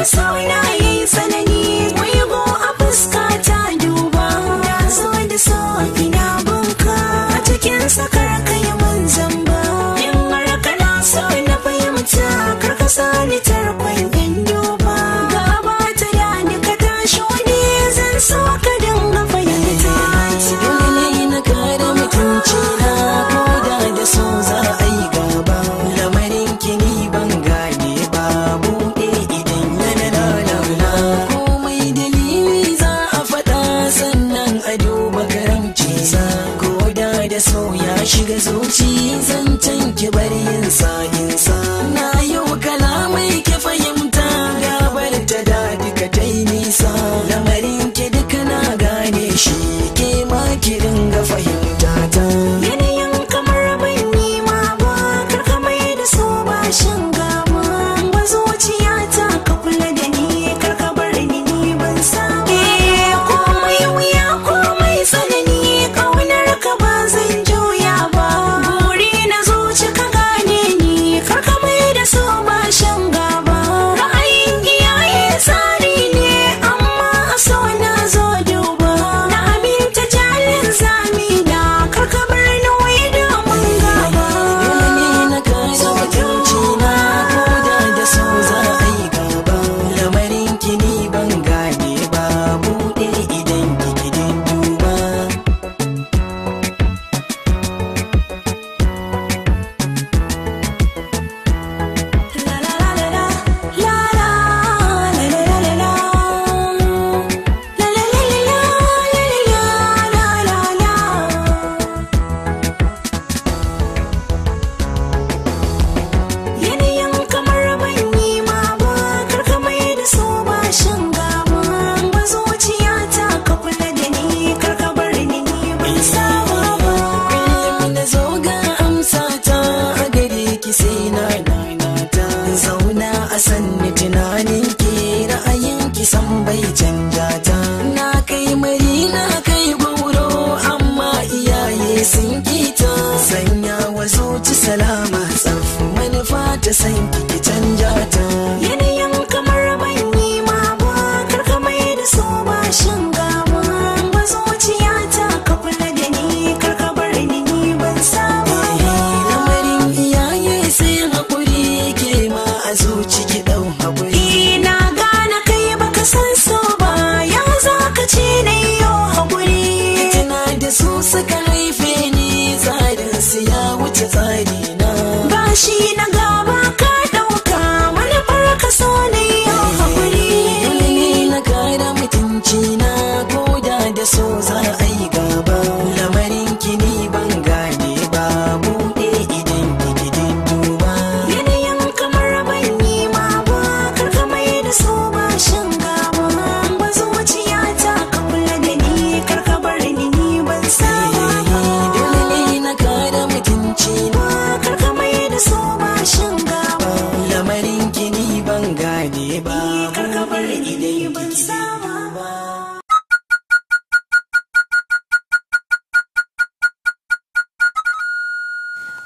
was slowing down. zancen ki bari yin sa in sa kisan bai canja ta na kai mari, na kai goro amma iyaye sun kita sanya wa zuci salama Ba shi na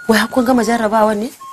wai kun gama jarrabawa ne